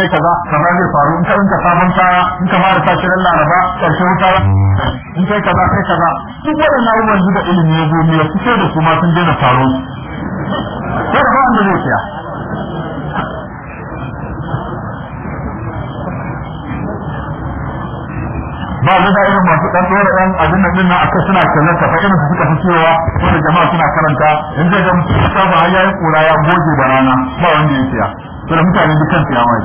sai kaza ka zai faru in ka rinka sabon kaya in ka fara sa shirin laraba karshen wuta in kai kaza kai kaza duk waɗannan abubuwan da ilimi ya zo ne ya fito da kuma sun daina faru sai da ba wanda zai tsaya ba zai da irin masu dan dora dan abin nan a kai suna kallon ka fa irin su suka fi cewa wanda jama'a suna karanta in zai ga mutum ta ba ya yi kura ya goge da rana ba wanda ya siya to mutane dukkan siya mai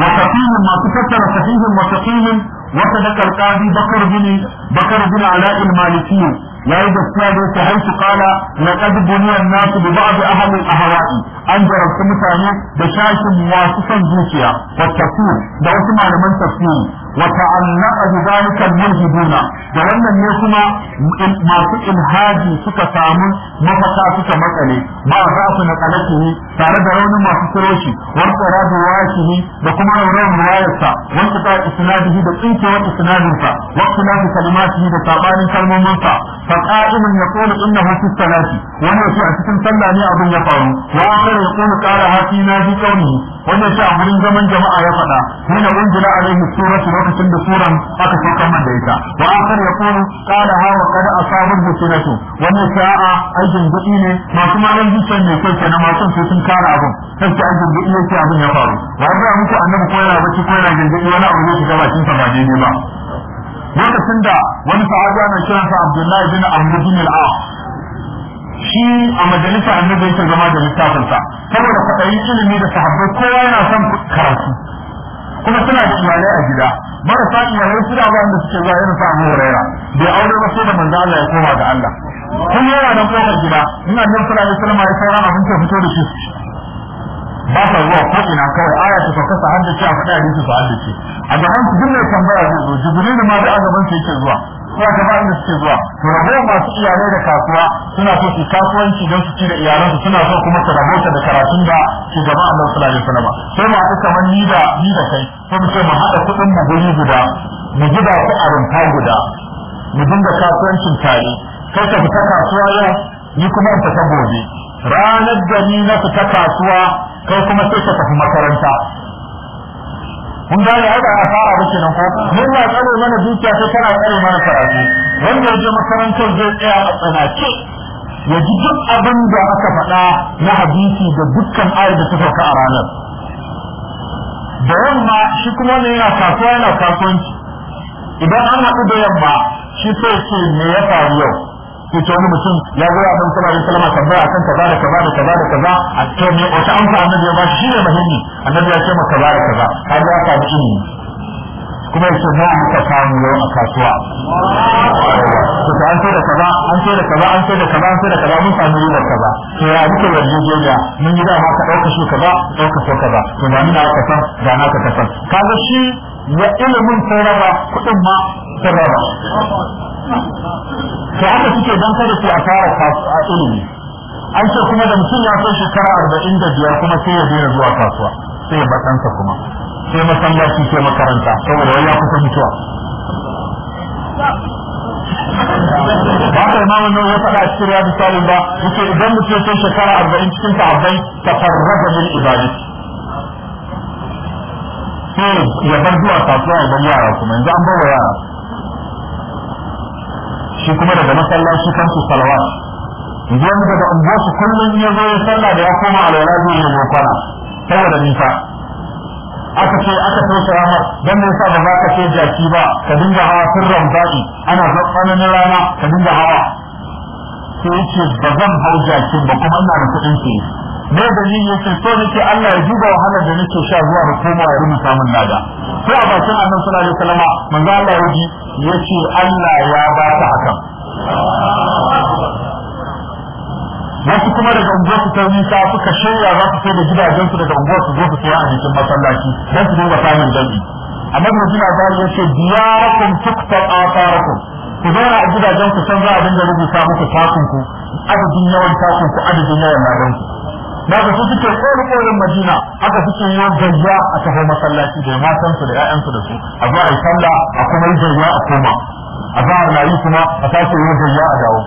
وفقيه ما تفسر فقيه وفقيه وصدق القاضي بكر بن بكر بن علاء المالكي لا يوجد فيها حيث قال لقد بني الناس ببعض أهل الأهواء أنجر السمتاني بشاش مواسسا زوشيا والتفسير ده اسمع لمن تفسير وتعلق بذلك الملحدون ده وانا يسمع ما في الهادي سكا سامن مفتا سكا مسألة ما رأس نقلته تارد رون ما سكروشي وانترى بواسه وكما يرون روايسا وانتقى إسناده ده انت وإسناده واختلاف كلماته ده تابان كلمة منصا ya وقائم يقول انه في wanda وانا a cikin sallah ne abin ya faru wa akhar yaqul qala hati na fi kauni wannan shi a wurin zaman jama'a ya faɗa hina unzila alaihi suratu lokacin da suran aka saukar man da ita wa akhar yaqul qala ha wa qad asabat bi sunatu wannan sha'a aikin gudi ne masu malan zuciyar mai kai kenan masu sai sun kara abin sai ta aikin gudi ne sai abin ya faru ba wa ga muku annabi ko yana bacci ko yana gindi wani abu ne shiga bakin lokacin da wani sahabi ana kiransa Abdullahi bin Amr bin al-As shi a majalisa annabi yake zama da littafinsa saboda kwaɗayin ilimi da sahabbai kowa yana son karatu kuma suna da iyalai a gida marasa iyalai suna ba da suke zuwa irin sa Abu Huraira bai aure ba sai da manzo Allah ya koma ga Allah kun yana da kofar gida ina nan sallallahu alaihi wasallam ya sauran abin da fito da shi ba sa zuwa ko ina kawai aya ta sauka sa haddace a faɗa hadisi sa haddace a gaban su duk mai tambaya zai zo jibrilu ma da a gaban yake zuwa suna ta bayan da suke zuwa to masu iyalai da kasuwa suna so su kasuwanci don su ci da iyalansu suna so kuma su rabota da karatun da ke gaba a nan suna da sanama sai ma aka kamar ni da ni da kai ko mu ce mu haɗa kuɗin mu guri guda mu gida su a rumfa guda mu dinga kasuwancin tare kai ka fita kasuwa yau ni kuma in fita gobe ranar da ni na fita kasuwa kai kuma sai ka tafi makaranta mun gane haka a fara ba kenan ko mun ba tsaro mana dukiya sai kana tsare mana karatu wanda ya je makarantar zai tsaya a tsanace ya ji duk abin da aka faɗa na hadisi da dukkan ayar da ta sauka a ranar da yamma shi kuma ne yana kasuwa yana kasuwanci idan an haɗu da yamma shi sai ce me ya faru yau sai ta wani mutum ya zo abin da salama wasallam tambaya kan kaza da kaza da kaza da kaza a cikin ne wata amsa annabi ya ba shi ne muhimmi annabi ya ce maka kaza da kaza har ya ka ji kuma yace mu ka samu yau a kasuwa to ta an da kaza an da kaza an da kaza an da kaza mun samu ribar kaza to ya muke yarjejeja mun yi dama ka dauka shi kaza dauka ko kaza to na ni na ka san da na ka san kaga shi ya ilimin sarrafa kudin ma sarrafa to haka suke dan kada su a fara a ilimi an ce kuma da mutum ya kai shekara arba'in da biyar kuma sai ya daina zuwa kasuwa sai ya batansa kuma sai masallaci sai makaranta saboda wani ya kusa mutuwa ba ka imam nan ya faɗa a cikin riyadu salim ba yace idan mutum ya kai shekara arba'in cikin ta tafarraga min ibadati sai ya bar zuwa kasuwa idan yara kuma yanzu an bar wa yara shi kuma daga masallaci kan su salawat idan daga unguwarsu kullum ya zo ya sallah da ya koma alwala zai yi kwana saboda nisa aka ce aka toshe ramar don me yasa ba za ka ce jaki ba ka dinga hawa sirran baɗi ana zaɓanin rana ka dinga hawa sai yake ba zan hau jakin ba kuma ina da kuɗin ke ne da ni yake so nake Allah ya duba wahalar da nake sha zuwa da koma ya rubuta min lada sai a bakin annabi sallallahu alaihi wasallam manzo Allah ya ji yace Allah ya ba ta hakan wasu kuma daga unguwar su sai nisa suka shirya za su sai da gidajen daga unguwar su zo su a jikin masallaci don su dinga samun dangi amma da suna da ya ce diyarakum tuktar farakun. ku zauna a gidajen ku san za a dinga rubuta muku takunku adadin yawan takunku adadin yawan na da su suke kore koren madina haka suke yi gayya a taho masallaci da matan su da ƴaƴan su da su a zuwa yi sallah a kuma yi gayya a koma a zuwa na yi kuma a sake yin gayya a dawo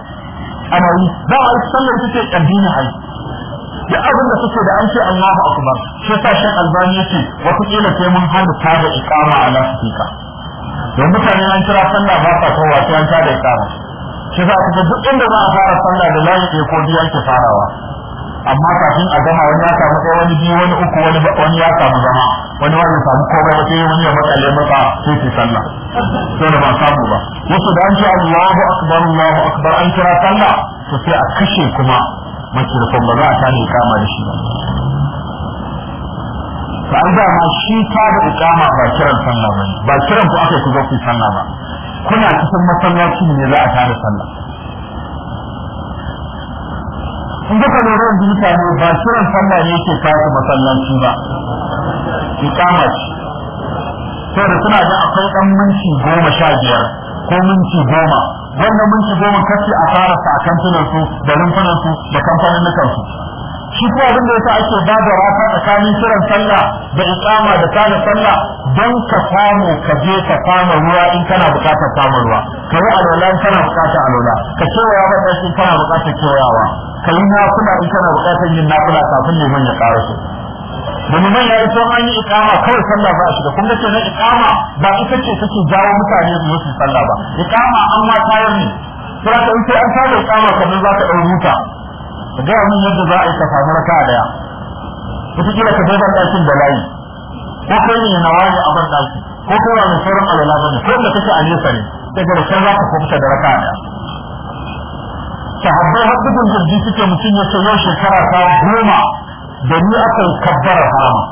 ana yi za a yi sallar suke addini ai da abin da suke da an ce Allahu akbar sai sashen albani yace wata kila sai mun hana ta da ikama a nan fika don mutane an kira sallah ba ta kowa sai an ta da ikama shi za ku ga duk inda za a fara sallah da layi ko biyan ke farawa amma kafin a gama wani ya samu ko wani biyu wani uku wani wani ya samu zama wani wani ya samu komai wata yi wani ya makale masa sai ke sallah sai da ba samu ba wasu da an ce Allahu akbar Allahu akbar an kira sallah to sai a kashe kuma da ba za a tani kama da shi ba ba an dama shi ta da ikama ba kiran sallah ba ba kiran ku aka ku zo ku sallah ba kuna cikin masallaci ne za a tare sallah in ga ka lura da mutane ba shirin sallah ne yake kawo masallaci ba ikama ce to da suna da akwai dan minti goma sha biyar ko minti goma wannan minti goma kace a fara sa a kantunan su da rumfunan su da kamfanin su shi ko abin da yasa ake ba da rafa tsakanin kiran sallah da iqama da kana sallah don ka samu ka je ka samu ruwa in kana bukatar samun ruwa ka yi alwala in kana bukatar alwala ka kewaya madashi in kana bukatar kewayawa ka yi nafila in kana bukatar yin kula kafin neman ya ƙara su domin ya yi an yi iqama kawai sallah ba a shiga kuma ce na iqama ba ita ce take jawo mutane su yi sallah ba iqama an ma tayar ne kuma ka sai an fara ikama kamar za ka ɗau ruta ka gaya min yadda za a yi ka samu raka daya wata kila ka bai ɗakin da layi ko kai ne na wani a ban ɗaki ko kai ba mai sauran alwala ba ne ko da kake a nesa ne daga da can za ka kuka da raka daya sahabbai har dukkan jirgi suke mutum ya ce yau shekara ta goma da ni aka yi kabbar harama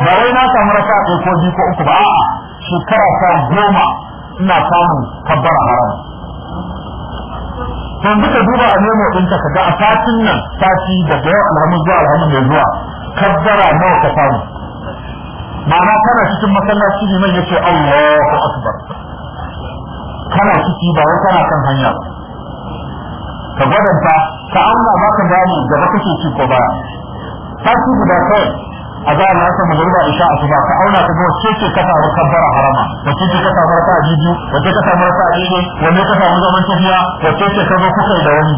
ba wai na samu raka ɗaya ko biyu ko uku ba a'a shekara ta goma ina samun kabbar harama ko duka duba a nemo din ka ga a satin nan sati da yau alhamdu zuwa alhamdu mai zuwa kaddara nawa ka samu ma'ana kana cikin masallaci ne mai yace Allahu akbar kana ciki ba wai kana kan hanya ka gwadanta ka auna baka ka da baka kake ci ko baya sati guda kawai a za na san magariba isha a shiga ka auna ka ga wacce ce ka samu kabbara harama da ce ka samu raka'a da wacce ka samu raka'a ɗaya wanne ka samu zaman tafiya da ce ka zo kusa da wani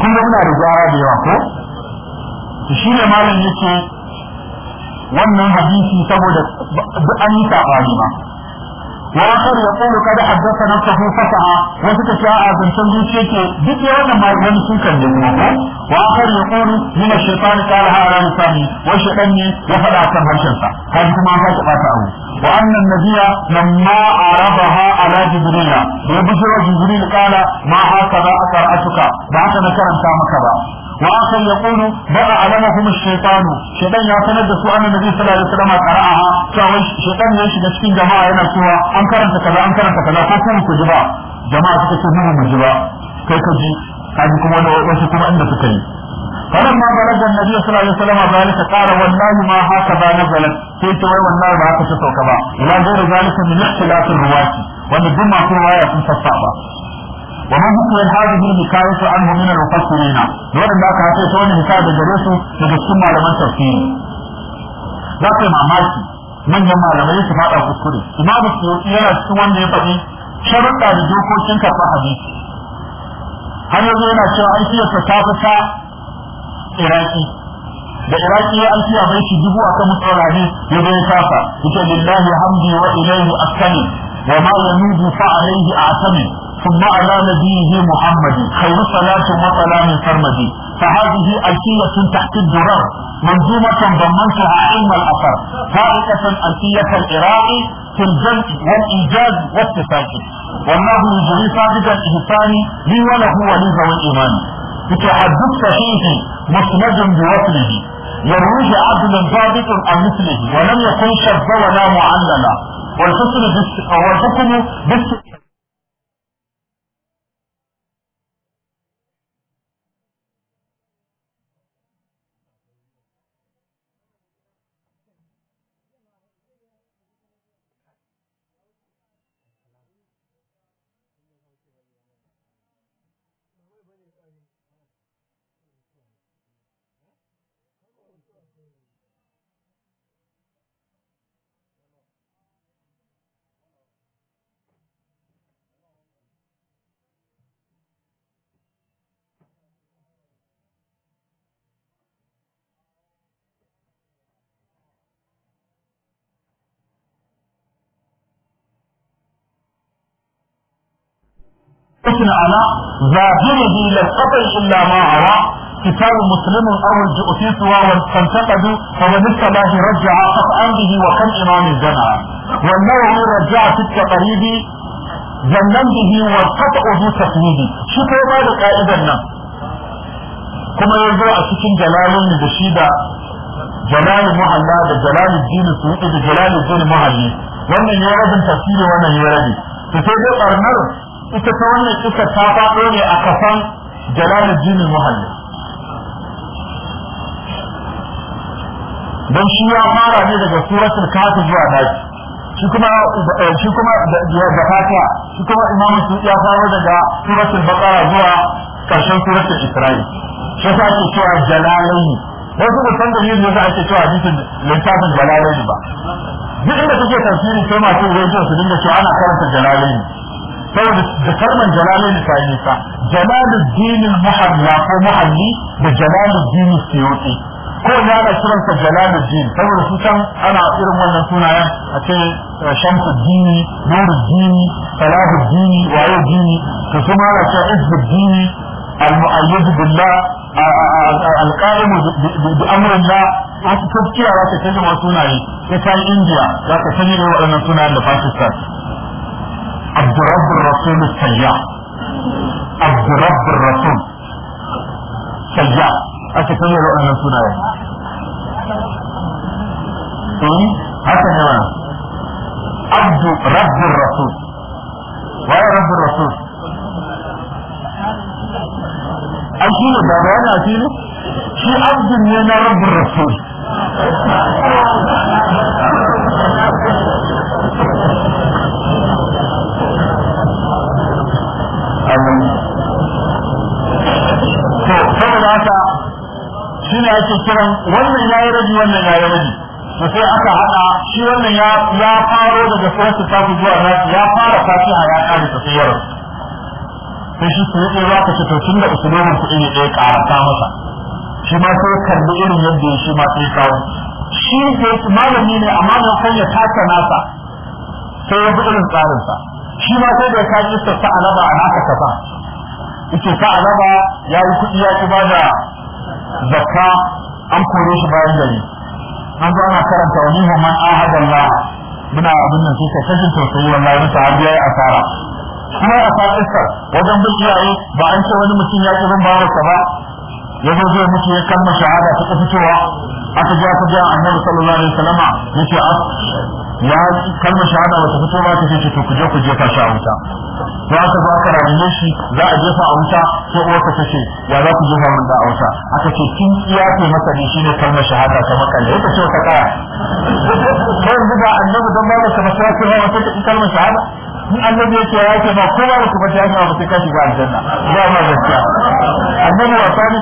kun ga muna da gyara da yawa ko shi ne malam yake wannan hadisi saboda an yi sa'a ne ba واخر يقول قد حدثنا صحيفة وتتشاء زنشن يشيكي دي وانا ما يوم سوكا واخر يقول من الشيطان قالها على لساني وشأني وفلا كم هذه ما هي قطعه وأن النبي لما عرضها على جبريل وبشر جبريل قال ما هكذا أقرأتك بعد نكرم تامك وآخر يقول ما أعلمهم الشيطان شيطان يعتمد سوء أن النبي صلى الله عليه وسلم قرأها فهو شيطان يشد سكين جماعة هنا سوى أنكرم تكذا أنكرم تكذا فكم كجبا جماعة تكتب منهم الجبا كيف تجي هذه كما wasu kuma inda suka yi فلما بلغ النبي صلى الله عليه وسلم ذلك قال والله ما هكذا نزلت sai ta wai wannan ba haka ta sauka ba ila gairi zalika min ikhtilaf ar-ruwat wanda duk masu ya sun sassafa wa man hukuma hadhihi al-hikayatu anhu min al-mufassirin wannan da aka hace ta wannan hikaya da gare su daga cikin malaman tafsiri za ka mamaki manyan malamai su fada kuskure imamu suyuti yana cikin wanda ya faɗi sharuɗa dokokin karɓar hadisi har yanzu yana cewa ai ta fi iraki da iraki ya amsa bai shi dubu a kan saurari ya zo kafa kuta lillahi hamdi wa ilayhi asami wa ma yanudu fa alayhi asami thumma ala nabiyhi muhammad khayru salatu wa salamu farmadi fa hadhihi alqiyah tahta ad-durar منظومه ضمنتها علم الاثر خالقه الفيه العراق في الجمع والايجاز والتسجيل والله يجري فاقدا الثاني لي وله ولي الايمان بتحدث فيه مسند بوصله يرويه عدل ضابط عن مثله ولم يكن شذ ولا معللا والحكم بالس... تكن على ظاهره للقطع الا ما ارى كتاب مسلم او الجؤتيس وهو فانتقد فهو الله رجع قطعا به وكم امام الزنا والنوع رجع تلك قريبي زنن به والقطع ذو تقليدي شكرا مالك ايضا كما ينظر اشكين جلال بشيدة جلال محلى جلال الدين السويقي جلال الدين محلي وانا يرد تفسيري وانا يرد فتوجد ارنرو ita ta wannan kisa ta faɗo ne a kafan jinin muhalli don shi ya fara ne daga suratul kafir zuwa nafi shi kuma eh, shi kuma da fatiha shi kuma imam ya fara daga suratul baqara zuwa karshen suratul isra'i shi yasa ake cewa jalalaini dan su san da yin yasa ake cewa hadisin littafin jalalaini ba duk inda kake tafsiri sai masu rediyo su dinga cewa ana karanta jalalaini Sau da kalmar jalalin ta yi nisa jalaluddin muhalla ko muhalli da dinin siyoti ko ya ana kiransa din saboda su can ana irin wannan sunayen a ce uh, shamsuddini dini salahuddini dini to su ma ana cewa izzuddini al-mu'ayyid billah al-qaim bi amrillah wasu tafiya za ta canza wasu sunaye ta ta indiya za ta canza waɗannan sunayen da pakistan عبد رب الرسول السياح عبد رب الرسول سياح أتكلم أنا سنة إيه هكذا هو عبد رب الرسول ويا رب الرسول أشيله بابا أنا أشيله شو عبد من رب الرسول ake kiran wannan ya yi rabi wannan ya yi rabi da sai aka haɗa shi wannan ya ya faro daga sarki tafi zuwa nasi ya fara a ya kare ta tsayar sai shi su yake za ka ce to tun da usulobin ku iri ɗaya karanta masa shi ma sai kalli irin yadda ya shi ma sai kawo shi su malami ne amma na san ya taka nasa sai ya bi tsarin sa shi ma sai da ka yi sa alaba a naka kafa ita sa alaba ya yi kuɗi ya ki bada zakka an kore shi bayan gari an zo ana karanta wani man ahadan la muna abin nan sai kashin tausayi wallahi musa har yayi asara kuma a fadarsa wajen bin iyaye ba an ce wani mutum ya ki bin ba ya zo zai mutu ya kalma shahada ta fitowa aka ji aka ji annabi sallallahu alaihi wasallam yace a ya ah, kalma shahada wata fito ba ta ce to ku je ku jefa shi a wuta Ya aka zo aka ramme shi za a jefa a wuta ko uwarka ta ce ya za ku jefa mun da a wuta aka ce kin ya ce masa ne shine kalmar shahada ta makalle ta ce ta kaya ko yanzu ba annabi dan ba ta masara ce ba ta wata kalma shahada in annabi yake ya ce ba kowa da kuma ta yi ba sai ka shiga aljanna ba ma gaskiya annabi wa sani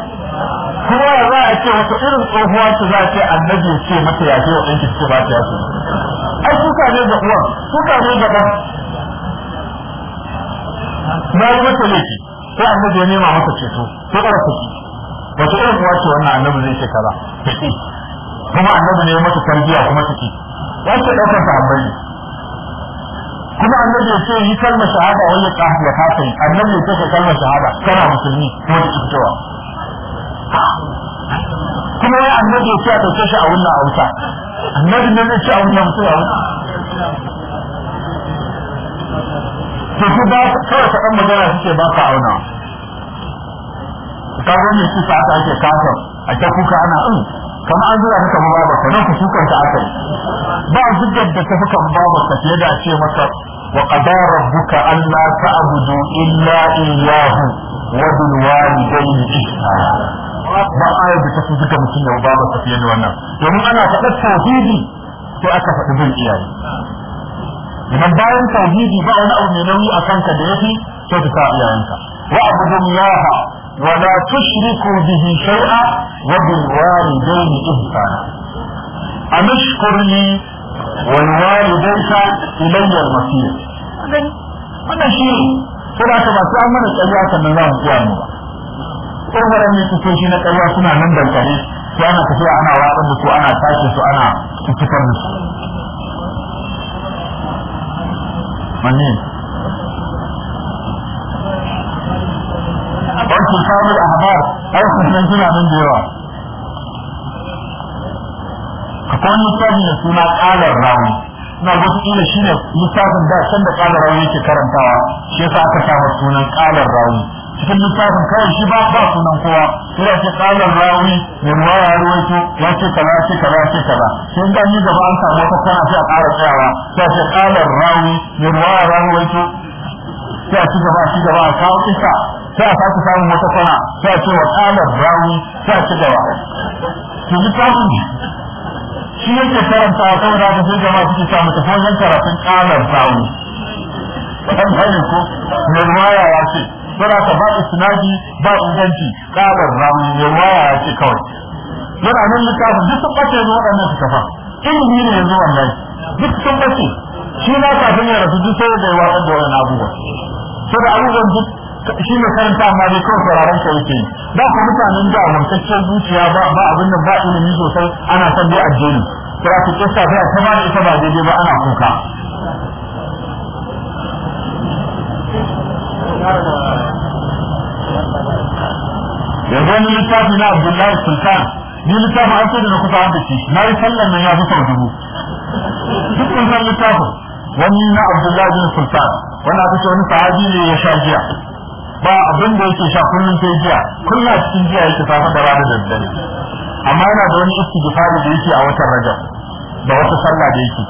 kuma ya za a ce wata irin tsohuwa ce za a ce annabi ya ce mata ya ce wa ɗanki ce ba ta ya ai suka ne ga uwan suka ne ga ɗan na yi mata laifi sai annabi ya nema masa ceto ko ƙara kuki wata irin uwa ce wannan annabi zai ce kaza kuma annabi ne mata tarbiya kuma ciki ya ce ɗaukar ta abbali kuma annabi ya ce yi kalmar shahada wani ya kasa ya kasa yi annabi ya ce kalmar shahada kana musulmi ko da fitowa kuma wai annabi ya ce a ɗauke shi a wannan hausa annabi ne zai ce a wannan mutum a wannan to su ba kawai ta ɗan magana suke ba ka auna ka zo ne su sa aka ake kafa, a ta kuka ana in hmm, kamar an zura ka ba ba ka nan ku sukan ta aka yi ba zubar da ta fukan ba ka fiye da ce maka wa qada Allah alla ta'budu illa iyyahu wa bil walidayni ihsana ba ayar da ta fi zuga mutum ya ba ba fiye da wannan domin ana faɗar tauhidi sai aka faɗi bin iyaye idan bayan tauhidi ba wani abu mai nauyi a kanka da ya fi, sai ka sa iyayenka wa abudullaha wa la tushriku bihi shay'a wa bil walidayni ihsana amshkur wani wa walidayka ilayya al-masir wannan shi ne sai da ka ba sai an mana kan sannan za mu tsaya mu ba tsohon ne soshi na ƙarya suna nan dankare su ana tafiya ana watsar da su ana tashi su ana cikin da su manne barkin samun ahabar, ai kusan suna nan da yawa akwai littafi da suna ƙalar rami. na wasu ila shine littafin da sanda da ƙalar rami ke karantawa shi yasa aka samu sunan ƙalar rami. cikin littafin kawai shi ba ba sunan kowa sai ya ce kalan rawi ne ruwa ya ruwaito ya ce kaza ce kaza ce kaza sai dan yi gaba an samu wata kana sai a ƙara tsayawa sai ce kalan rawi ne ruwa ya ruwaito sai a ci gaba ci gaba a kawo isa sai a sake samun wata kana sai a ce wa kalan rawi sai a ci gaba to littafin shi yake karanta a sai jama'a suke kalan rawi ko ruwa ya ce fara ka ba isnadi ba inganci kalar rawi ya ce kawai yana nan littafin duk sun bace ne waɗannan fa kafa yi ne yanzu wallahi duk sun bace shi na kafin ya rasu duk sai da yawa da wani abubuwa sai da abubuwan duk shi ne karanta amma dai kawai sauraron ka yake ba ku mutanen da amurkacciyar zuciya ba ba abin nan ba ilimi sosai ana son dai addini kira ku kista sai ta ba da ita ba daidai ba ana kuka yanzu wani littafi na abdullahi sultan ni littafin an sai da na kusa wanda shi na yi sallan nan ya fi sau dubu duk kun san littafin wani na abdullahi bin sultan wanda aka ce wani sahabi ne ya sha jiya ba abin da yake sha kullum sai jiya kullum cikin jiya yake safa da rana da daddare amma yana da wani istighfari da yake a watan rajab da wata sallah da yake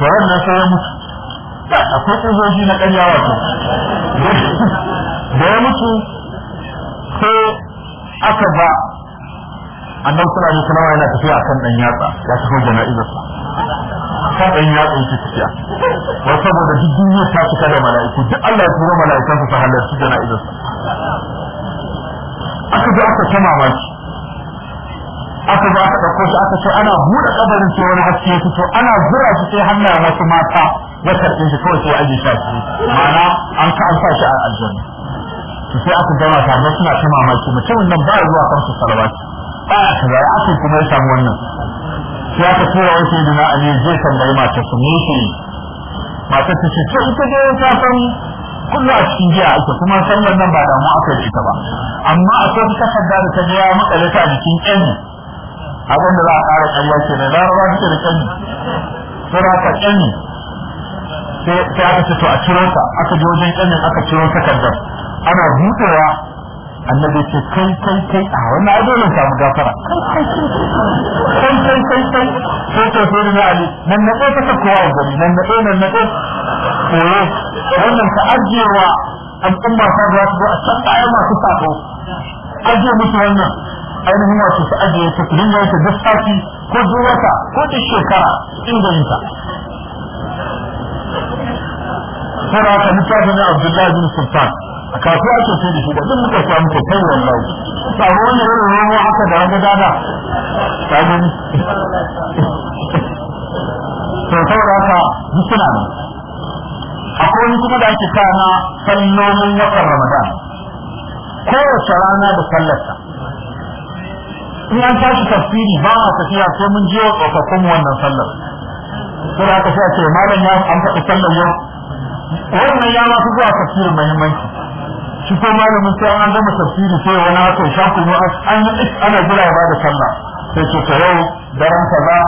to ran nan sai ya mutu akwai tsojoji na ƙarya wato da ya mutu ko aka ba annan suna ne kuma yana tafiya kan dan yatsa ya tafi jana'izar sa kan dan yatsa yake tafiya wai saboda duk duniya ta fita da mala'iku duk Allah ya tura mala'ikan su halarci jana'izar sa aka ga aka ta mamaki aka ga aka ɗauko shi aka ce ana buɗe kabarin sai wani haske ya fito ana zura shi sai hannayen wasu mata ya karɓe shi kawai sai aje shi ma'ana an ka an sa shi a aljanna sai aka gama tare suna ta mamaki mutumin nan ba zuwa kansu salawati ba a kaza ya aka kuma ya samu wannan sai aka tura wani sai dina ali zai tambayi mata su ne shi mata ta ce to ita dai ta san kullu a cikin jiya ake kuma san wannan ba damu aka yi ita ba amma akwai ta takarda da ta ga ya makale ta jikin ƙani da za a ƙara ƙarya ke ne laraba ta da ƙani sura ta ƙani sai aka ce to a ciro ta aka je wajen ƙanin aka ciro takardar ana buɗewa annabi ce kai kai kai a wani adolin samu gafara kai kai kai kai kai sai ta sai na ali nan na ɗaya ta kowa a gari nan na ɗaya nan na ɗaya koyo eh, wannan ka ajiyewa al'umma ta za su zo a can ɗaya masu sako ajiye musu wannan ainihin wasu su ajiye su su da yake duk sati ko duk wata ko duk shekara inda yin ta. Sai da haka littafin Abdullahi bin Sultan a ce ake da shi da duk muka samu ta kai wallahi samu wani irin rawa aka da raga dada samu to saboda haka duk suna ne akwai wani kuma da ake kana sallolin watan ramadan kowace rana da sallarsa in an tashi tafsiri ba a tafiya sai mun je tsofaffin wannan sallar sai da aka sai ce malam ya an taɓa sallar yau wannan ya ma fi zuwa tafsirin muhimmanci shi ko malamin sai an gama tafsiri sai wani haka sha kuma an yi ana jira ba da sallah sai ce ta yau daren kaza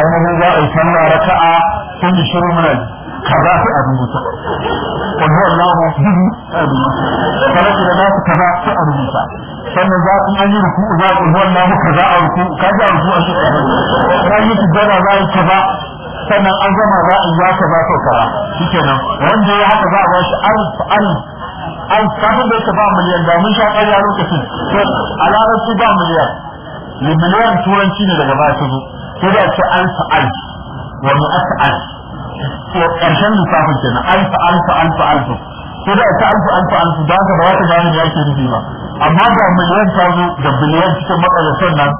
ainihin za a yi sallah raka'a sun yi shirin mana za su a rubuta wani Allah dubu a rubuta kada su da za su kaza su a rubuta sannan za su yi ruku za a rubuta Allah za a ruku kaza a ruku a shi kaza yi su gaba za a yi kaza sannan an gama za a yi ya kaza sau kaza shi kenan wanda ya haka za a ba shi alif alif an kafin da ta ba miliyan da mun sha ƙarya lokacin to a su ba miliyan ne miliyan turanci ne daga baya su zo ko da ce an fa'al wa mu af'al to ƙarshen lissafin kenan an fa'al fa'al fa'al to ko da ta alfu alfu alfu da haka ba za ta gane ya ke nufi ba amma da miliyan ta zo da biliyan cikin makarasar nan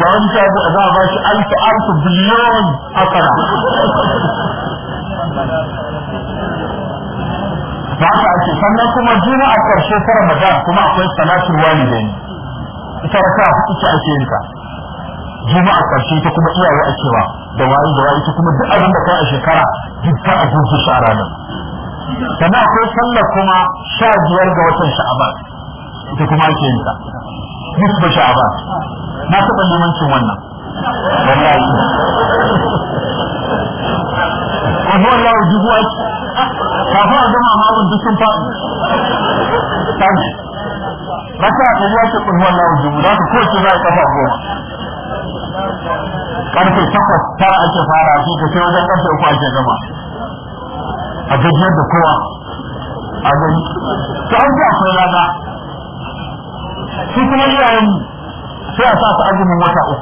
da wani ta zo za a ba shi alfa alfu a akara da haka ake sannan kuma juna a ƙarshe ta ramadan kuma akwai salatul walidain ita raka ita ake yin ta a ƙarshe ta kuma iyaye a cewa da wayi da wayi kuma duk abin da kai a shekara duk ta aje su a ranar sannan akwai sallar kuma sha biyar ga watan sha'aban ita kuma ake yin ta duk ba sha'aban na taɓa limancin wannan wallahi ko zuwa Allah ji kafin a gama ma duk sun faɗi tashi raka a ɗari ake ƙulhuwan lawan dubu za ka kowace za a kafa goma karfe takwas tara ake fara shi ka sai wajen ƙarfe uku ake gama a gajiyar da kowa a gani Ta an ji akwai rana su kuma iyayen sai a sa su azumin wata uku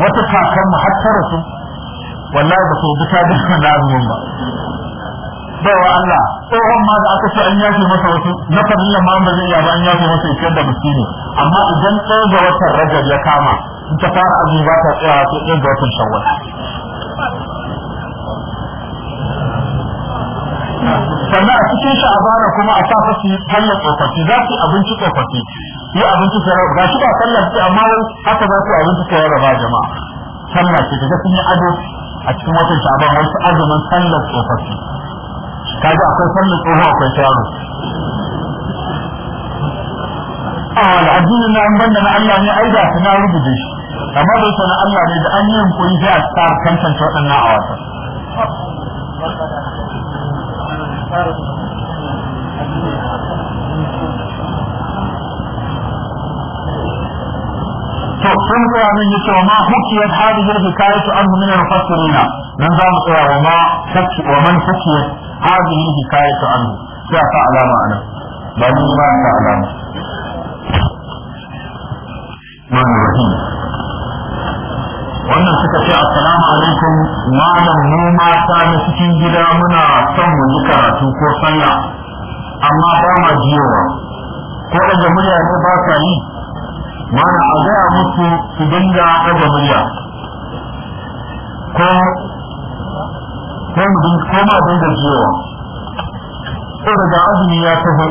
wata kakan mu har ta rasu wallahi ba so buta da na azumin ba bawa Allah tsohon ma da aka ce an yafe masa wasu na fadilla ma ba zai iya ba an yafe masa ikiyar da ne. amma idan ɗaya ga watan rajar ya kama in ta fara azumi ba ta tsaya su ɗaya ga watan shawwal sannan a cikin sha'abana kuma a safa su hanyar tsofaffi za su abinci tsofaffi yi abinci su ga shi ba sallar ce amma haka za su abinci su ba jama'a sallar ce ta sun yi ado a cikin watan sha'aban wasu azumin sallar tsofaffi kaji akwai sallar tsoho akwai ta yaro a al'addinin na an da na Allah ne aida da na rubuce shi amma da na Allah ne da an yi yunkuri sai a tsara tantance waɗannan a wata Sun mu tsaya nan yace wa ma hukiyat hadhihi al-hikayatu su min al-mufassirin nan za mu tsaya wa ma fakki wa man hukiyat hadhihi al-hikayatu anhu sai ta alama anan ba ni ba ta alama man rahim wannan suka ce assalamu alaikum malam mu ta na cikin gida muna son mu yi karatu ko sallah amma ba ma jiyowa ko da murya ne ba ka yi mana a gaya musu su dinga ɗaga murya ko ko mu dinga ko ma dinga ko daga azumi ya taho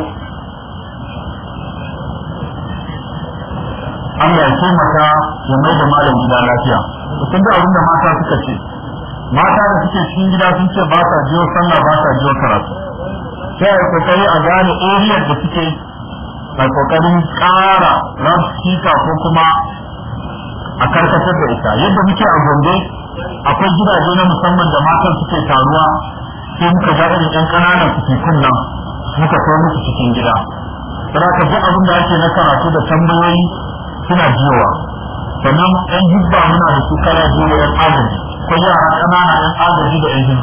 Allah ya mata ya mai da malam gida lafiya kun da abin da mata suka ce mata da suke cikin gida sun ce ba ta jiyo sallah ba ta jiyo karatu sai a kokari a gane oriyar da suke A kokarin ƙara rafika ko kuma a karkatar da ita yadda muke a gombe akwai gidaje na musamman da matan suke taruwa sai muka ga irin yan ƙananan suke kunna, muka kai musu cikin gida saboda ka ji abin da ake na karatu da tambayoyi suna jiyowa sannan yan hibba muna da su kala jiyo yan agaji ko yara ƙanana yan agaji da yan su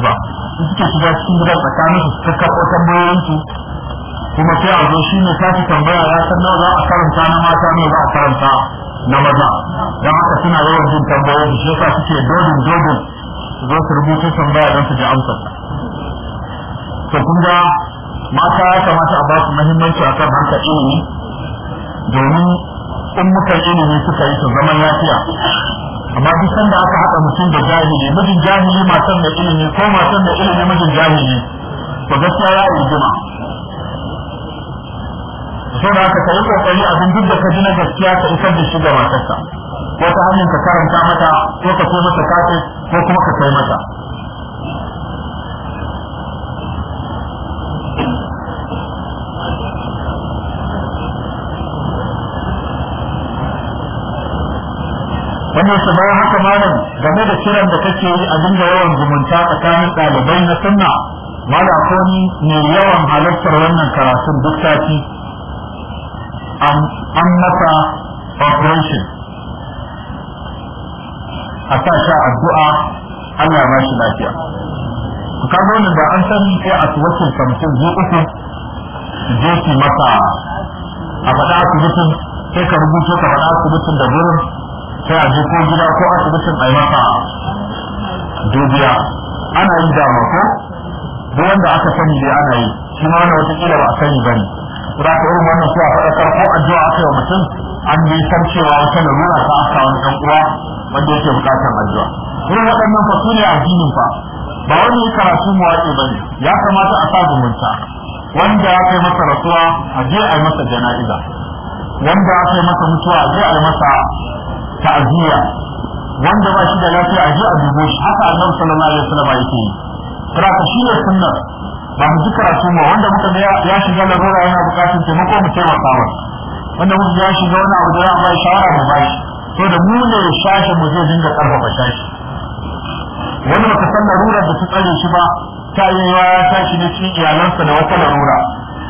suke shiga cikin gidan tsakanin su suka kafa tambayoyinsu kuma sai a zo shi ne sake tambaya ya san nawa za a karanta na mata ne za a karanta na maza don haka suna yawan jin tambayoyi shi yasa suke dodin dodin su zo su rubuta tambaya don su ji amsa. to kun ga mata ya kamata a ba su muhimmanci a kan harkar ilimi domin in mutan ilimi suka yi su zaman lafiya amma duk sanda aka haɗa mutum da jahili mijin jahili matan da ilimi ko matan da ilimi mijin jahili to gaskiya ya yi jima saboda haka ka yi kokari abin duk da ka ji na gaskiya ka isar da shi ga matarsa wata hanyar ka karanta mata ko ka so mata kafin ko kuma ka kai mata wannan su bayan haka malam game da kiran da kake yi a dinga yawan zumunta tsakanin ɗalibai na sunna malam ko ni ne yawan halartar wannan karatun duk sati an masa operation a sa sha addu'a Allah ya bashi lafiya to kaga wannan da an san sai a tuwacin kamcin zai uku je ki masa a faɗa asibitin sai ka rubuto ka faɗa asibitin da gurin sai a je ko gida ko asibitin a yi masa dubiya ana yin dama ko duk wanda aka sani dai ana yi shi ma wani wata kila ba a sani ba ne za ka irin wannan su a faɗakar ko addu'a aka yi wa mutum an yi san cewa wata lalura ta aka wani ɗan uwa wanda yake buƙatar addu'a irin waɗannan fa su ne addinin fa ba wani karatu mu waƙe ba ne ya kamata a sa zumunta wanda ya kai masa rasuwa a je a yi masa jana'iza wanda ya kai masa mutuwa a je a yi masa ta'aziyya wanda ba shi da lafiya a je a dubo shi haka annabi sallallahu alaihi wasallam yake yi saboda shine sunnar ba mu ji karatu ba wanda muka ga ya shiga larura yana bukatun taimako mu taimaka masa wanda muka ya shiga wani abu da a bai shawara mu bai to da mu ne shashi mu zai dinga karfafa shashi wani baka san rura da ta tsare shi ba ta yi ya tashi ne cikin iyalansa da wata larura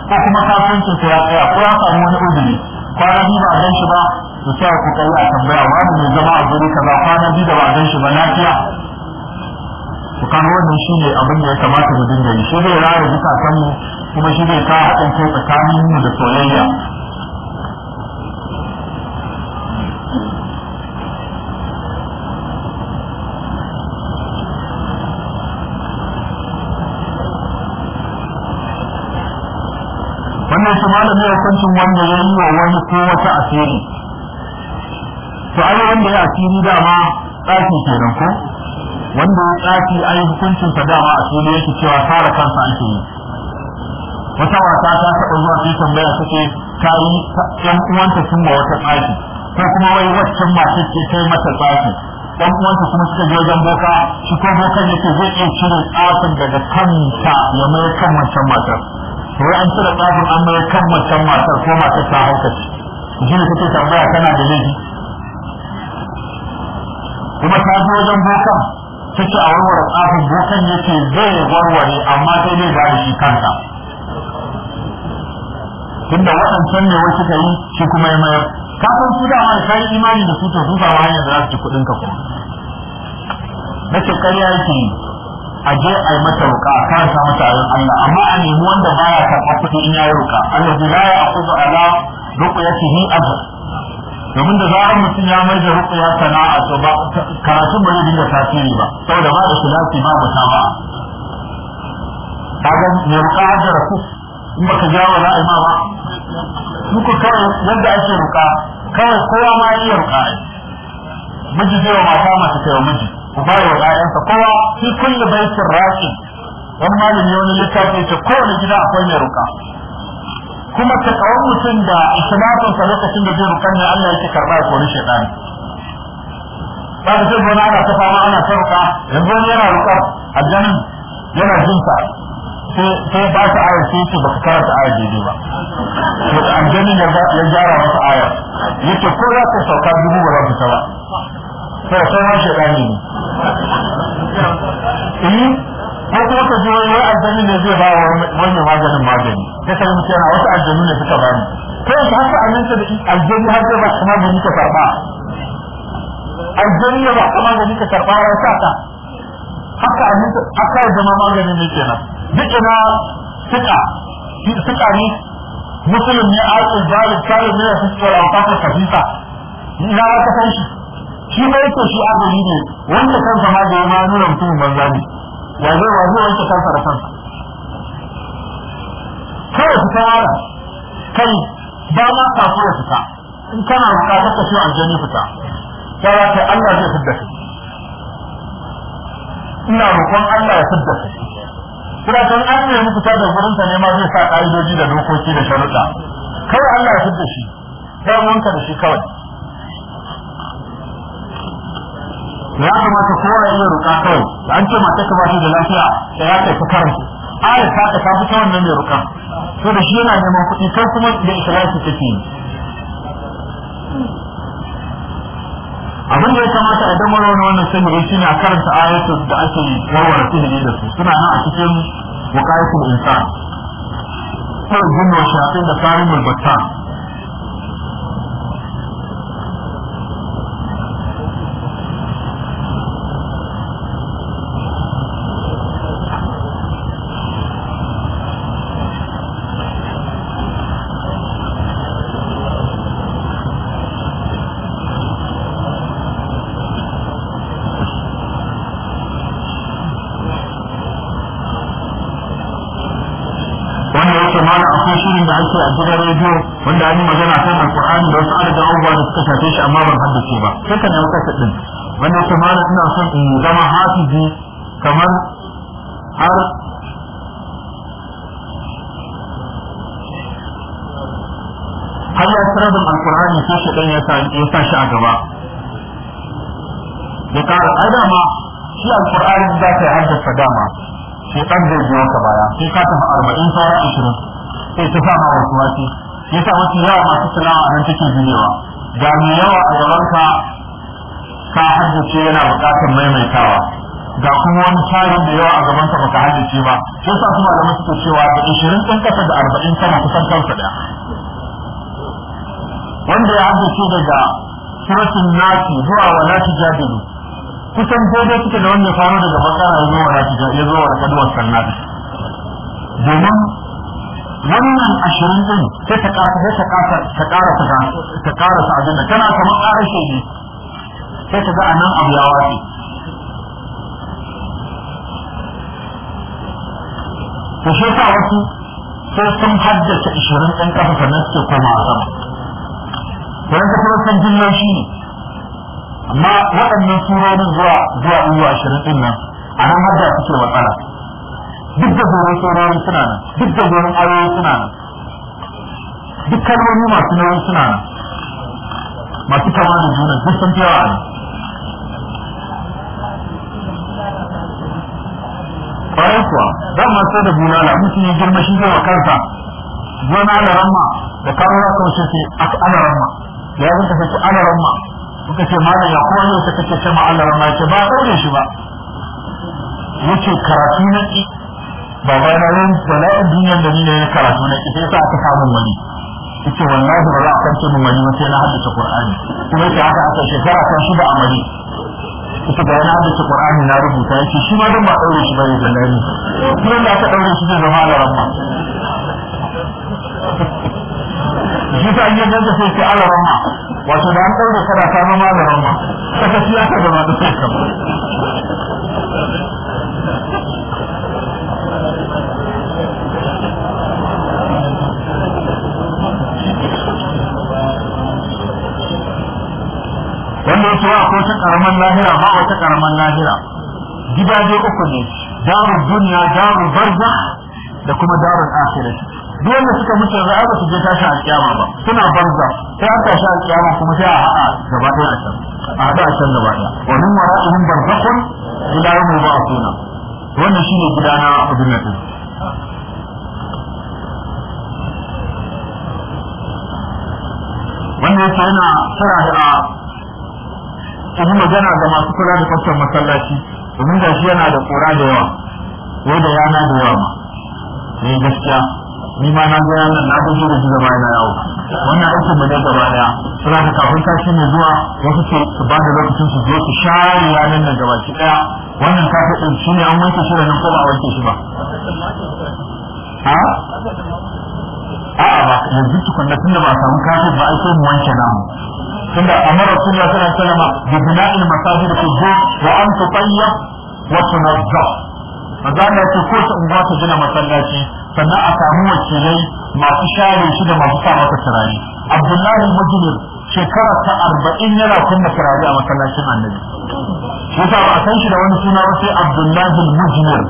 ko kuma kafin ya tsaya ko ya samu wani uzuri kwana biyu ba a gan shi ba to sai ku kai a tambaya wani mai zama a guri kaza kwana biyu da ba a gan shi ba lafiya su kan wannan shi ne abin da ya kamata mu dinga yi shi zai raya mu kuma shi zai kawo haɗin kai tsakanin mu da soyayya wannan shi malamin hukuncin wanda ya yi wa wani ko asiri to ai wanda ya asiri dama ke kenan ko wanda ya a yi hukuncin sa dama a sunan yake cewa fara kansa ake yi wata wata ta taɓa zuwa sai tambaya ta ce ta yi ɗan uwanta sun ma wata tsaki, ko kuma wai waccan masu ce ta yi mata tsaki ɗan uwanta kuma suka je wajen boka shi ko bokan yake zai iya cire tsafin daga kanta ya mai kan wancan matar wai an cire tsafin an mai kan wancan matar ko matar ta haukace shi ne take tambaya tana da laifi kuma ta zo wajen bokan suke a warware tsafin bukan yake zai warware amma sai zai shi kanta tunda waɗancan ne wasu suka yi shi kuma ya mayar ka san su da wani kai imani da su to su ba za su ci kuɗin ka Na nace ƙarya yake a je a yi mata ruka a karanta mata ayon Allah amma a nemi wanda baya karɓar kuɗi in ya yi ruka Allah zai ya akuzu ala ni ajr domin da zarar mutum ya mai da rukuya sana'a to ba karatun bari dinga tasiri ba saboda ba da sulasi ba ba sama kaga ne ruka da ku in baka ja wa ma ba muku kawai yadda ake ruka kawai kowa ma yi ruka miji zai wa mata masu kai miji ku ba wa ƴaƴansa kowa fi kulli baitin rashin wani malami wani littafi ce kowane gida akwai mai ruka kuma ta kawar mutum da istinafin sa lokacin da zai rukan ne Allah yake karba ya kori shaitan ba da zai gona ana ta fama ana ta ruka yanzu wani yana ruka aljanin yana jin ta sai ba ta ayar sai ce baka karanta aya daidai ba to aljanin ya gyara wata ayar yake ko za ka sauka dubu ba za ku ta ba to sauran shaitan ne eh, ko kuma ka ji wani aljanin ne zai ba wa wani maganin magani da ta wuce na wasu aljanu ne suka bani sai ka haka aminta da aljanu har da ba kuma ba ni ka karba aljanu ba kuma ba ni ka karba ya sa haka aminta haka ya zama magani ne kenan duk ina suka suka ne musulun ne a cikin jalib tare ne ya fito da wata kafisa ina ka kai shi shi ma yake shi azumi ne wanda kansa ma ga ma nuna mutumin banza ne ya zai wa zai wanke kansa da kansa kawai fita yara kai ba ma ka so fita in kana bukatar ka so aljani fita ta wata Allah zai fidda kai ina roƙon Allah ya fidda kai kuma don an nemi fita da gurin ta ne ma zai sa ƙa'idoji da dokoki da sharuɗa kawai Allah ya fidda shi dan wanka da shi kawai ya kamata kowa ya roƙa kawai an ce mata ka ba shi da lafiya da ya kai fukar ayar ta ka ta wannan mai roƙa to da shi yana neman kuɗi kan kuma da ikhlasi take yi abin da ya kamata a damar wani wannan mai shi ne a karanta ayatul da ake warware ne da su suna nan a cikin bukayatul insan kawai jinna shafin da tarihin batta. ake a gidan rediyo wanda an yi magana kan alkur'ani da wasu adadin abubuwa da suka shafe shi amma ban haddace ba sai ka nemi kasa din wanda ya kamar ina son in zama hafizi kamar har har ya sarrafin alkur'ani sai shi ɗan ya sa shi a gaba ya ƙara adama shi alkur'ani za ka yi haddasa dama shi ɗan zai biyo ka baya sai ka tafi arba'in sauran ashirin sai ta sama wasu wasu sa wasu yawa masu a nan take zunewa ga mai yawa a gabanka ka haddace yana buƙatar maimaitawa ga kuma wani tarin da yawa a gabanka baka haddace ba ya sa kuma da masu cewa da ishirin ɗan kasa da arba'in kana kusan kansa ɗaya wanda ya haddace daga suratun nasi zuwa wa nasi jadilu kusan dai suke da wanda ya faru daga bakara ya zo wa nasi ya zo wa kaduwar sannan. domin wannan ashirin din sai ta kasa sai ta kasa ta kara ta ta kara sa ajinda tana kamar karashe ne sai ta ga anan abu ya wafi to shi sa wasu sai sun haddasa ashirin ɗin ƙasa sannan suke koma sama wani ta kuma san jin shi ne amma waɗannan surorin zuwa zuwa ashirin ɗin nan a nan har da suke matsala duk da sauran sauran suna nan duk da sauran ayoyi suna nan duk kalmomi masu nauyi suna nan masu kama da juna duk sun fi yawa ne kwarai kuwa za mu sai da bulala mutum ya girma shi zai wa kansa gona da ramma da kamar ya kawo shi ana ramma ya zan ka sake ana ramma suka ce malam ya kowa yau ta kace ce ma Allah ramma ya ce ba a ɗaure shi ba yace karatu na ki ba ba na ran bala'in duniyar da ni ne ya karatu na ita yasa aka samu wani yace wallahi ba za a kance mun wani sai na haddace Qur'ani kuma ta haka aka shekara kan shi ba amali ita ga yana haddace Qur'ani na rubuta yace shi ma dan ba daure shi bane da lani kuma da aka daure shi zai zama da ramma shi ta yi da sai ta ala ramma wato da an daure kada ta zama da ramma kaka shi aka zama da kai kamar cewa ko ta karaman lahira ba wata karaman lahira gidaje uku ne darun duniya darun barza da kuma darun akhirah duk wanda suka mutu za a su je tashi alkiyama ba suna barza sai an tashi alkiyama kuma sai a haɗa gaba ɗaya a can a haɗa a can gaba ɗaya wa min wara'ihim barzakhun ila yawm yub'athuna wannan shine gidana a duniya wannan yana tsara da tafi magana ga masu kula da tsaftar masallaci domin ga shi yana da kura da yawa wai da yana da yawa ma ne eh, gaskiya ni ma na ga na na gaji da gaba na yawo wannan aikin mu da gaba daya sura da kafin ta shi zuwa wasu ce su ba da lokacin su zo su share yana nan gaba ki daya wannan ka ta shi ne an wanke shi da nan ko ba wanke shi ba ha a'a ba yanzu tukunna tunda ba a samu kafin ba ai sai mu wanke namu tunda amara rasulullah sallallahu alaihi wasallam bi bina'il masajid zo wa an tutayyab wa tunazzah magana ce ko ta unguwa ta gina masallaci sannan a samu wakilai masu share shi da masu sa ta turare abdullahi mujmir shekara ta arba'in yana kunna turare a masallacin annabi shi ba a san shi da wani suna ba sai abdullahi mujmir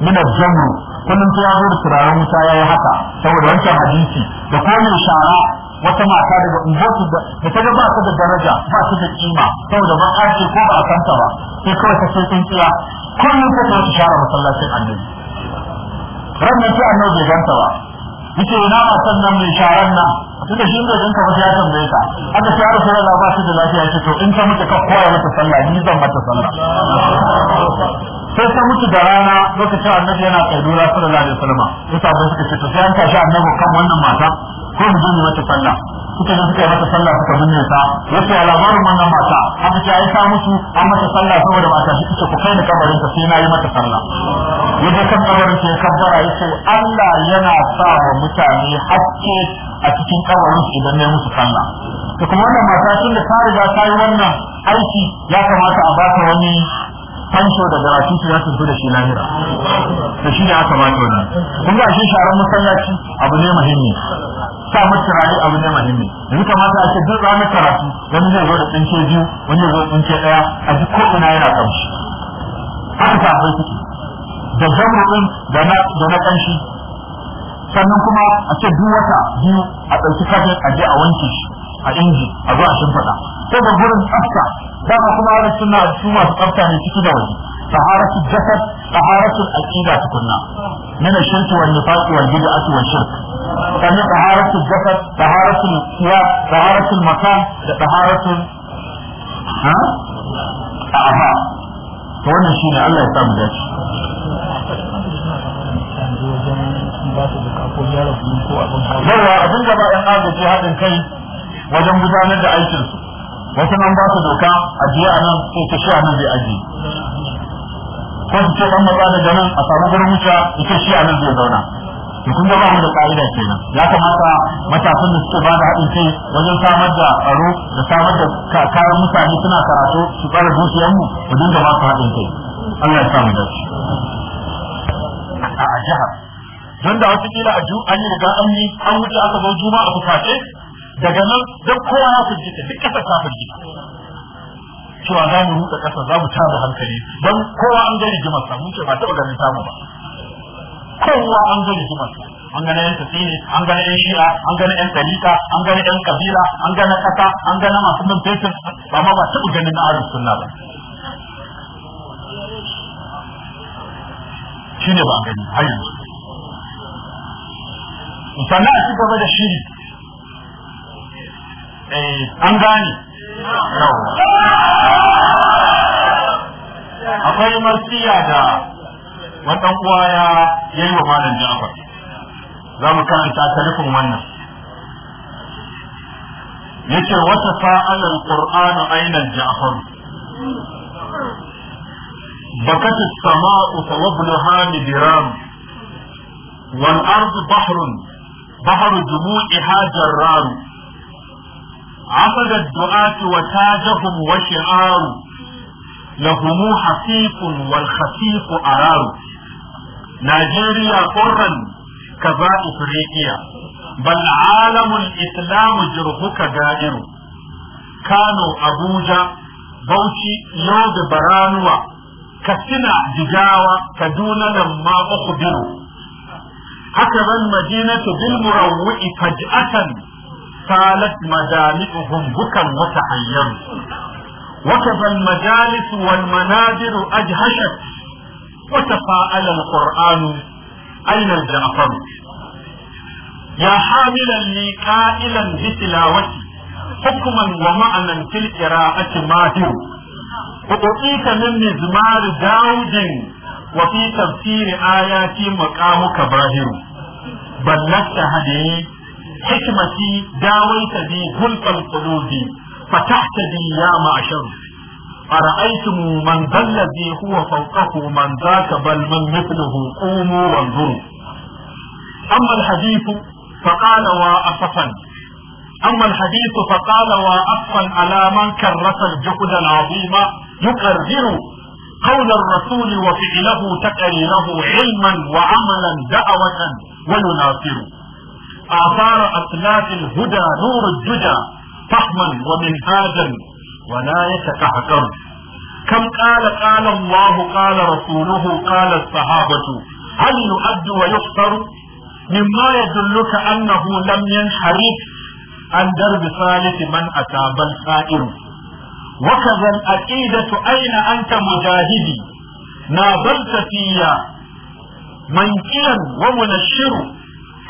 min al-jamru kullum sai ya zo da turaren wuta ya yi haka saboda wancan hadisi da kone shara wata mata daga unguwarsu da ta ga ba su da daraja ba su da kima saboda ba a ce ko ba a santa ba sai kawai ta sai tsintsiya kullum ta zo ta shara masallacin annabi ranar ta annabi bai ganta ba yace a san nan mai sharan nan da shi bai ganta ba ya tambaye ta aka ce har sai Allah ba shi da lafiya ce to in ta mutu ka koya mata sallah ni zan mata sallah sai ta mutu da rana lokacin annabi yana kaidura sallallahu alaihi wasallam ya sa ba suka ce sai an tashi annabi kan wannan mata ko mu yi mata sallah suka je suka yi mata sallah suka binne ta wasu labarin wannan mata aka ce ai ta mutu an mata sallah saboda mata shi kace ku kai ni kabarin ta sai na yi mata sallah yaje kan kabarin ta yace Allah yana sa wa mutane haske a cikin kabarin su idan ne musu sallah to kuma wannan mata tun da ta riga ta yi wannan aiki ya kamata a ba ta wani fansho da garatutu ya tuntu da shi lahira da shi da aka bata wani kun ga shi sharan masallaci abu ne muhimmi sa mutarare abu ne muhimmi yanzu kamata a ce duk ranar karatu wani zai zo da tsinke biyu wani zai zo tsinke daya a duk ko yana kamshi haka ta akwai ciki da zamurin da na da kamshi sannan kuma a ce duk wata biyu a ɗauki kafin a je a wanke shi a inji a zo a shimfiɗa ko da gurin tsafta dama kuma ahli sunna su masu tsafta ne ciki da waje taharatu jasad taharatu aqida tukunna min ash-shirk wal nifaq wal bid'ah wal shirk kan taharatu jasad taharatu siyaq taharatu makan da taharatu ha aha to wannan shine Allah ya samu dace yawa abin da ba yan agaji haɗin kai wajen gudanar da aikinsu wasu nan ba su doka a biya a nan ko ta a nan zai aji ko su ce ɗan maza da ganin a samu gurin wuta ita shi a nan zai zauna to kun ga ba mu da ƙa'ida kenan ya kamata matasan da suke ba da haɗin kai wajen samar da tsaro da samar da kayan mutane suna karatu su ƙara dukiyarmu mu dinga ba su haɗin kai Allah ya samu dace a jihar don da wasu kila a an yi riga an yi an wuce aka zo juma'a ku face daga nan don kowa ya firgita duk na ta firgita cewa za mu ruka ƙasa, za mu tada hankali don kowa an gani rigimar sa mun ce ba taɓa ganin samu ba kowa an gani rigimar sa an gani yan tafiye an gani yan shi'a an gani yan kalita an gani yan kabila an gani kasa an gani masu nan fetur ba ma ba taɓa ganin na sunna ba shine ba gani har yanzu sannan a cikin gaba da shiri Eh, an gane akwai marsiya da wadan uwa ya yayi wa malam Jafar za mu karanta ta rufin wannan yace wata fa'ala alqur'anu aina ja'far بكت السماء فوابنها مدرام والأرض بحر بحر دموعها جرار عقد الدعاة وتاجهم وشعار لهم حفيف والخفيف أرار نيجيريا قرا كذا إفريقيا بل عالم الإسلام جرهك دائر كانوا أبوجا بوشي يود برانوا كسنا جداوة كدون لما أخبروا هكذا المدينة بالمروء فجأة salat majami'uhum bukan wata ayyam وكذا المجالس والمنابر أجهشت وتفاءل القرآن أين الجعفر يا حاملا لي قائلا بتلاوتي حكما ومعنى في القراءة ماهر أعطيك من مزمار داود وفي تفسير آياتي مقامك باهر بلغت هديه حكمتي داويت بي غلف القلوب فتحت بي يا معشر أرأيتم من ذا الذي هو فوقه من ذاك بل من مثله قوموا وانظروا أما الحديث فقال وأصفا أما الحديث فقال وأصفا على من كرس الجهد العظيم يكرر قول الرسول وفعله تقريره علما وعملا دعوة وينافر آثار أسلاف الهدى نور الجدى فهما ومنهاجا ولا يتكهكر كم قال قال الله قال رسوله قال الصحابة هل يؤد ويحصر مما يدلك أنه لم ينحرف عن درب ثالث من أتى بل سائر وكذا العقيدة أين أنت مجاهدي نابلت فيا منكرا ومنشر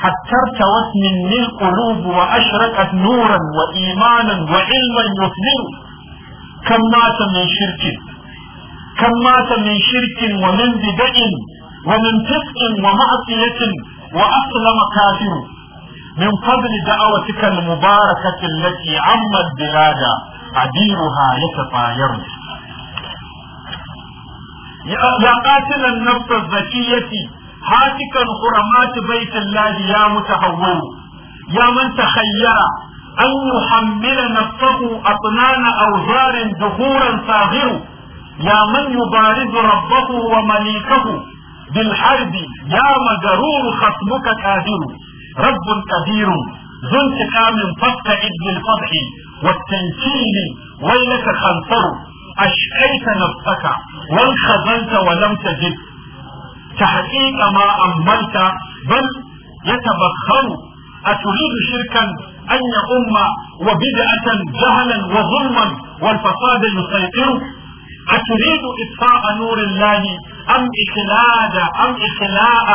حترت من القلوب وأشرقت نورا وإيمانا وعلما يثمر كم مات من شرك كم مات من شرك ومن بدع ومن فسق ومعصية وأسلم كافر من فضل دعوتك المباركة التي عمت البلاد عبيرها يتطاير يا قاتل النفس الزكية هاتك الخرمات بيت الله يا متهور يا من تخير أن يحمل نفسه أطنان أوزار ذكورا صاغر يا من يبارز ربه ومليكه بالحرب يا مجرور خصمك كادر رب قدير ذو انتقام عبد الفضح والتنكيل ويلك خنصر أشقيت نفسك وانخذلت ولم تجد تحقيق ما أمرت بل يتبخر أتريد شركا أن يؤم وبدعة جهلا وظلما والفساد يسيطر أتريد إطفاء نور الله أم إخلاد أم إخلاء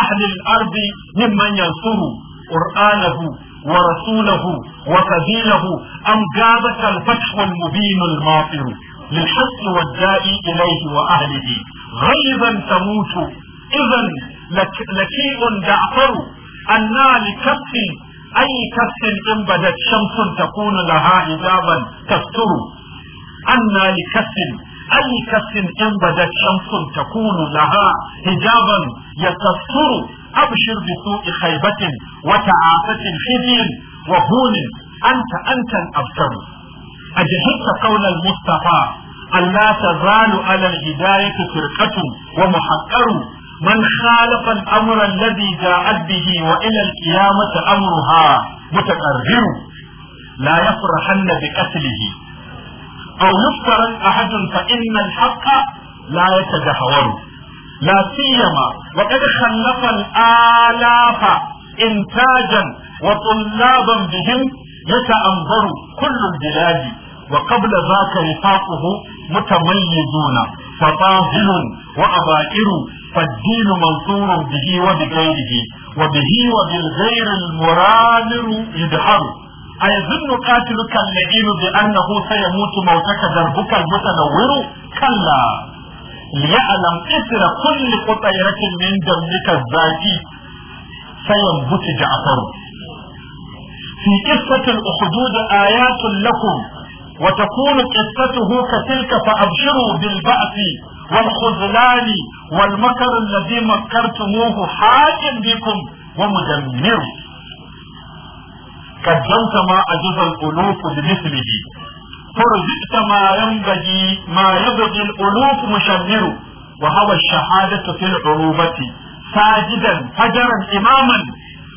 أهل الأرض ممن ينصر قرآنه ورسوله وسبيله أم جابك الفتح المبين الماطر للحق والداء إليه وأهله غيظا تموت إذا لكيء دعفر أنا لكف أي كف إن بدت شمس تكون لها حجابا تستر أنا لكف أي كف إن بدت شمس تكون لها حجابا يتستر أبشر بسوء خيبة وتعافة خزي وهون أنت أنت الأبتر أجهدت قول المصطفى أن لا تزال على الهداية فرقة ومحقر من خالف الأمر الذي جاءت به وإلى القيامة أمرها متقرر لا يفرحن بقتله أو يفترض أحد فإن الحق لا يتدهور لا سيما وقد خلف الآلاف إنتاجا وطلابا بهم يتأنظر كل البلاد وقبل ذاك رفاقه متميزون فطاهر وأبائر فالدين منصور به وبغيره وبه وبالغير المرادر يدحر أيظن قاتلك اللئيم بأنه سيموت موتك دربك المتنور كلا ليعلم إثر كل قطيرة من دمك الذاتي سينبت جعفر في قصة الأخدود آيات لكم وتكون قصته كتلك فأبشروا بالبأس والخذلان والمكر الذي مكرتموه حاكم بكم ومدمر كذبت ما أجز الألوف بمثله فرزقت ما ينبغي ما يبغي الألوف مشمر وهوى الشهادة في العروبة ساجدا فجرا إماما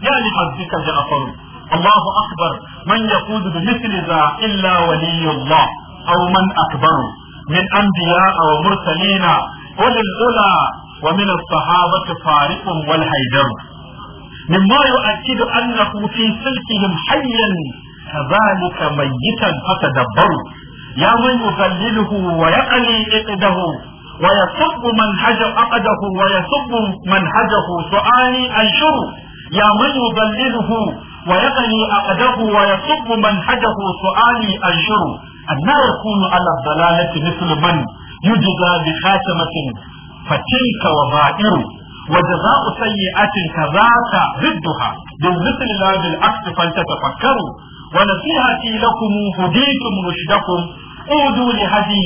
يا لحظك جعفر الله أكبر من يقود بمثل ذا إلا ولي الله أو من أكبر من أنبياء ومرسلين الأولى ومن الصحابة فارق والهيدر مما يؤكد أنه في سلكهم حيا كذلك ميتا فتدبروا يا من يذلله ويقلي إقده ويصب منهج أقده ويصب منهجه سؤالي أنشره يا من يضلله ويغني أقده ويصب منهجه سؤالي أجر أن يكون على الضلالة مثل من يجزى بخاتمة فتلك وبائر وجزاء سيئة كذاك ضدها بالمثل لا بالعكس فلتتفكروا ونصيحتي لكم هديتم رشدكم اودوا لهدي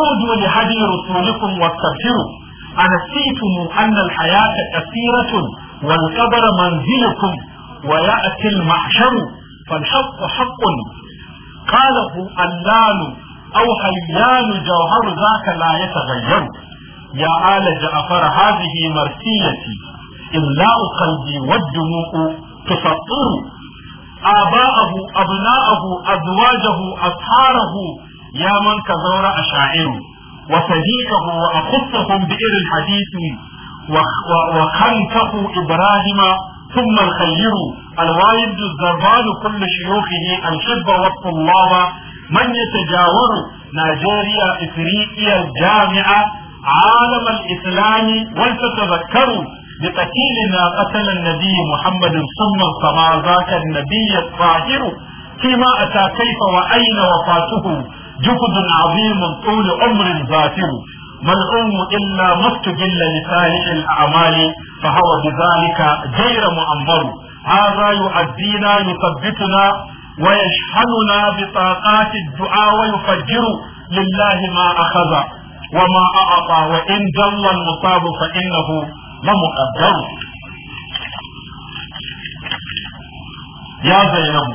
اودوا لهدي رسولكم واستبشروا أنسيتم أن الحياة كثيرة والقبر منزلكم ويأتي المحشر فالحق حق قاله اللال أو حيان جوهر ذاك لا يتغير يا آل جعفر هذه مرسيتي إملاء قلبي والدموع تفطر آباءه أبناءه أزواجه أطهاره يا من كزور أشاعره وصديقه وأخصهم بئر الحديث وخلفه إبراهيم ثم الخير الوالد الزربان كل شيوخه الحب والطلاب من يتجاور نيجيريا إفريقيا الجامعة عالم الإسلام ولتتذكروا بقتيلنا قتل النبي محمد ثم كما ذاك النبي الطاهر فيما أتى كيف وأين وفاته جهد عظيم طول عمر ذاته ملعوم إلا مستجل استجل لصالح الأعمال فهو بذلك غير مؤمر هذا يؤدينا يثبتنا ويشحننا بطاقات الدعاء ويفجر لله ما أخذ وما أعطى وإن جل المصاب فإنه لمقدر يا زينب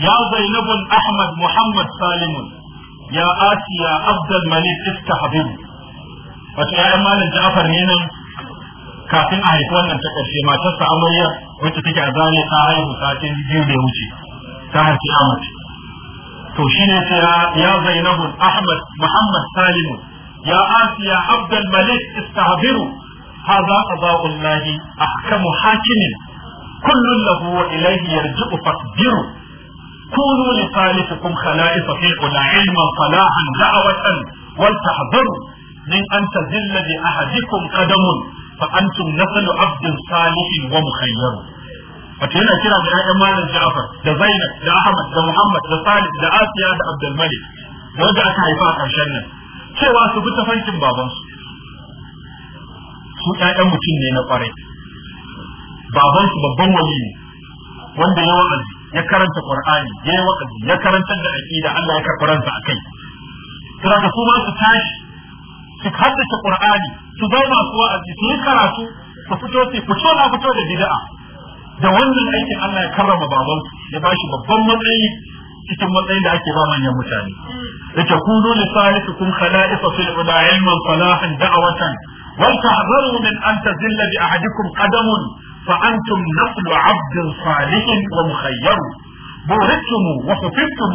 يا زينب أحمد محمد سالم ya asiya abdul malik iska habib wato ya'yan malam ja'far ne nan kafin a haifi wannan ta ƙarshe matarsa amarya wacce take a zane ta haihu satin biyu da wuce ta haifi amince to shine sai ya zainabu ahmad muhammad salimu ya asiya abdul malik a hadha qada'ullahi ahkamu hakimin kullun lahu wa ilayhi yarji'u fasbiru كونوا لثالثكم خلائف فيقنا علما صلاحا دعوة ولتحذروا من أن تزل بأحدكم قدم فأنتم نسل عبد صالح ومخير فتهنا كده من أي مال جعفر ده زينب ده أحمد ده محمد ده صالح ده آسيا ده عبد الملك da wanda aka haifa a ƙarshen nan cewa su bi tafarkin babansu su ɗaɗan mutum ne na ƙwarai babansu babban wali ne wanda ya wa'azi ya karanta qur'ani ya wakafi ya karantar da aqida Allah ya karɓi a akai kira ka su ma su tashi su haddace qur'ani su zama masu wa'azi su yi karatu su fito su fito na fito da bid'a da wannan aikin Allah ya karrama baban ya bashi babban matsayi cikin matsayin da ake ba manyan mutane da ta Salisu kun salikukum khala'ifa fil ula ilman falahan da'awatan wa ta'dharu min an tazilla bi ahadikum qadamun فأنتم نسل عبد صالح ومخير بورثتم وحفظتم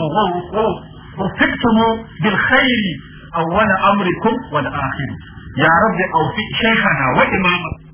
ووفقتم بالخير أول أمركم والآخر يا رب أوفق شيخنا وإمامنا